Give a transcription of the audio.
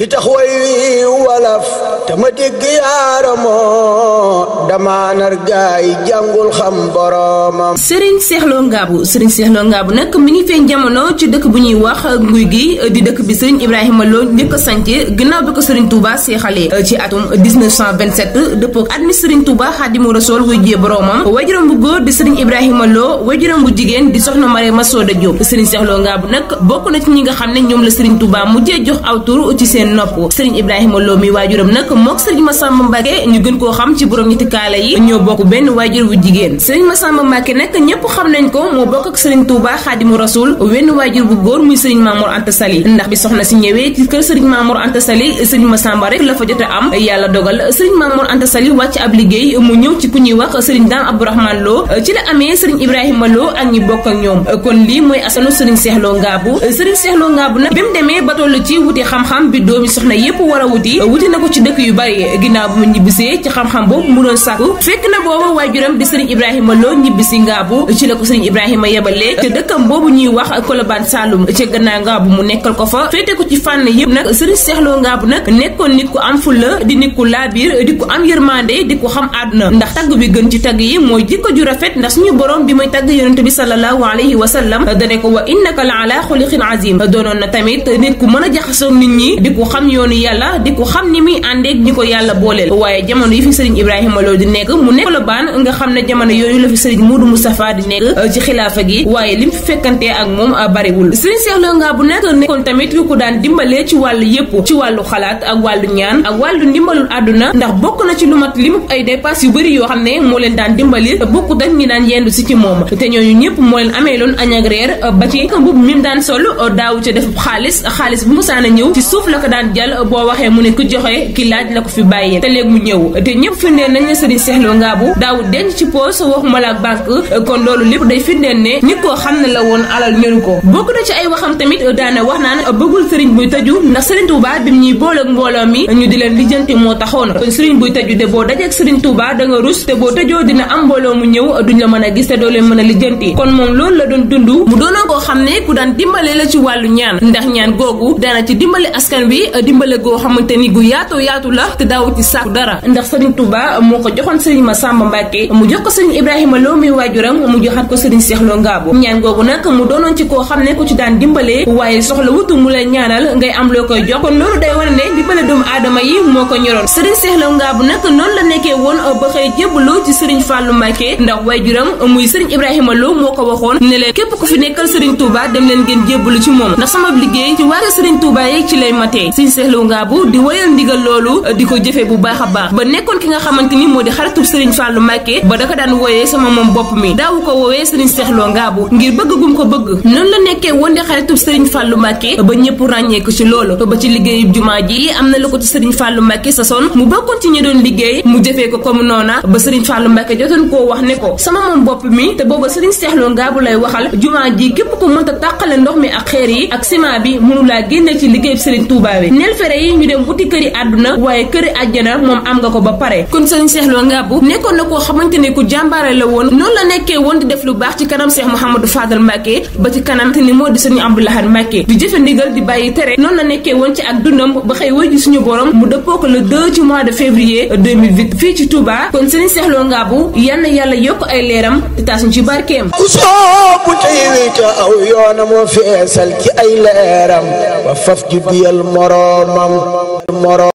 li tax way wi walaf te ma dégg yaaramoo dama nar gaay jàngul xam boroomam sëriñ seexloo ngaabu sëriñ seexloo ngaabu nag mi ngi feeñ jamono ci dëkk bu ñuy wax nguy gi di dëkk bi sëriñ ibrahima loo njëkk a sance ginnaaw bi ko sëriñ touba seexalee ci atum 1927 dëppook at mi sëriñ touba xaadimu rasool wuy jee boroomam wajuram bu góor di sëriñ ibrahima loo wajuram bu jigéen di soxna Marema Sooda Jóob sëriñ seexloo ngaabu nag bokk na ñi nga xam ne ñoom la sëriñ touba mujjee jox aw tur ci seen seen nopp sëriñ Ibrahima Lo mi waajuram nag mook sëriñ Massamba Mbacke ñu gën koo xam ci borom ñetti kaala yi ñoo bokk benn waajur bu jigéen sëriñ Massamba Mbacke nag ñépp xam nañ ko moo bokk ak sëriñ Touba Xaadimu Rasul wenn waajur bu góor muy sëriñ Mamour Anta Sali ndax bi soxna si ñëwee ci kër sëriñ Mamour Anta sëriñ Massamba rek la fa jot a am yàlla dogal sëriñ Mamour Anta wàcc ab liggéey mu ñëw ci ku ñuy wax sëriñ Dame Abdourahmane Lo ci la amee sëriñ Ibrahima Lo ak ñi bokk ak ñoom kon lii mooy asanu sëriñ Seex Lo Ngaabu sëriñ Lo Ngaabu doomi soxna yépp war a wuti wuti na ko ci dëkk yu bari ginnaaw bu mu ñibbisee ci xam-xam boobu mu doon sàkku fekk na booba waajuram di sëriñ Ibrahima Lo ñibbisi ngaabu ci la ko sëriñ Ibrahima yebalee te dëkkam boobu ñuy wax Kolobaan Saalum ca gannaaw ngaabu mu nekkal ko fa féete ko ci fànn yépp nag sëriñ Cheikh ngaabu nag nekkoon nit ku am fulla di nit ku laabiir di ku am yërmande di ku xam àdduna ndax tagg bi gën ci tagg yi mooy jikko ju rafet ndax suñu bi muy tagg yonent bi sallallahu wa sallam la ala xuliqin azim doonoon na tamit nit ku mën a jaxasoo nit ñi ku xam yoonu yàlla di ku xam ni muy àndeek ñi ko yàlla booleel waaye jamono yi fi sëriñ Ibrahima Lo di nekk mu nekk Colobane nga xam ne jamono yooyu la fi sëriñ Modou Moustapha di nekk euh, ci xilaafa gi waaye lim fi fekkantee ak moom euh, bariwul sëriñ Cheikh Lo Ngabou nag nekkoon tamit ku daan dimbalee ci wàllu yëpp ci wàllu xalaat ak wàllu ñaan ak wàllu ndimbalul àdduna ndax bokk na ci lu mat limu ay dépasse yu bëri yoo xam ne moo leen daan dimbali bokk dañ ñi daan yendu si ci moom te ñooñu ñëpp moo leen loon añ ak reer euh, ba ci daan sol daaw ca def xaalis xaalis bu mu saana daan jël boo waxee mu ne ku joxe ki laaj la ko fi bàyyi te léegi la ak banque kon loolu lépp day firndeel ne nit koo xam ne la na ci ay waxam tamit daane wax naan bëggul sëriñ buy tëju ndax sëriñ Touba bi ñuy bool ak mi ñu di leen lijjanti moo taxoon kon sëriñ buy tëju de boo dajeeg sëriñ Touba da nga rus te boo tëjoo dina am mbooloo mu ñëw duñ la mën a gis te doo leen mën a lijjanti kon moom loolu la doon dund mu doonoon koo xam ne ku daan dimbale la ci wàllu ñaan ndax ñaan googu daana ci dimbale askan wi di dimbale goo xamante ni gu yaatu yaatu la te daawu ci dara ndax Serigne Touba moo ko joxoon ma Massamba Mbacke mu jox ko Serigne Ibrahima Lo muy waajuram mu joxaat ko Serigne Cheikh Lo Ngabo ñaan googu nag mu doonoon ci koo xam ne ku ci daan dimbalee waaye soxla wutu mu lay ñaanal ngay am loo koy jox kon loolu day wane ne dimbale doomu aadama yi moo ko ñoroon Serigne Cheikh Lo Ngabo nag noonu la nekkee woon ba xëy jébbaloo ci Serigne Fallou Mbacke ndax waajuram muy Serigne Ibrahima Lo moo ko waxoon ne képp ku fi nekkal Serigne Touba dem leen ngeen jébbalu ci moom ndax sama liggéey ci waa Serigne Touba yi ci lay matee yi sëñ Seexlu Ngaabu di wéyal ndigal loolu di ko jëfee bu baax a baax ba nekkoon ki nga xamante ni moo di xaritub sëriñ Fallou Mbacké ba daka daan wooyee sama moom bopp mi daawu ko woowee sëriñ Seexlu Ngaabu ngir bëgg gum ko bëgg noonu la nekkee woon di xaritub sëriñ Fallou Mbacké ba ñëpp ràññee ko ci loolu ba ci liggéeyub jumaa ji am na la ko ci sëriñ Fallou Mbacké sasoon mu bokkoon ci ñi doon liggéey mu jëfee ko comme noona ba sëriñ Fallou Mbacké jotoon koo wax ne ko sama moom bopp mi te booba sëriñ Seexlu Ngaabu lay waxal jumaa ji képp ko mënta tàqale ndox mi ak xeer yi ak ciment bi mënu laa génne ci liggéeyub sëriñ Touba kawe nel fere yi ñu dem wuti këri àdduna waaye këri àjjana moom am nga ko ba pare kon sëriñ Cheikh nga Ngabou nekkoon na koo xamante ne ku jàmbaare la woon noonu la nekkee woon di def lu baax ci kanam Cheikh Mouhamadou Fadal Mbacké ba ci kanam te ni moo di sëriñ Abdou Lahad Mbacké di jëfe ndigal di bàyyi tere noonu la nekkee woon ci ak dundam ba xëy wëy ji suñu borom mu dëppoo ko le 2 ci mois de février fii ci Touba kon sëriñ Cheikh Lo Ngabou yal yàlla yokk ay leeram te taas ñu ci barkeem ca aw yoonam wa feesal ci ay leeram ba faf ju diyal moroomam moroom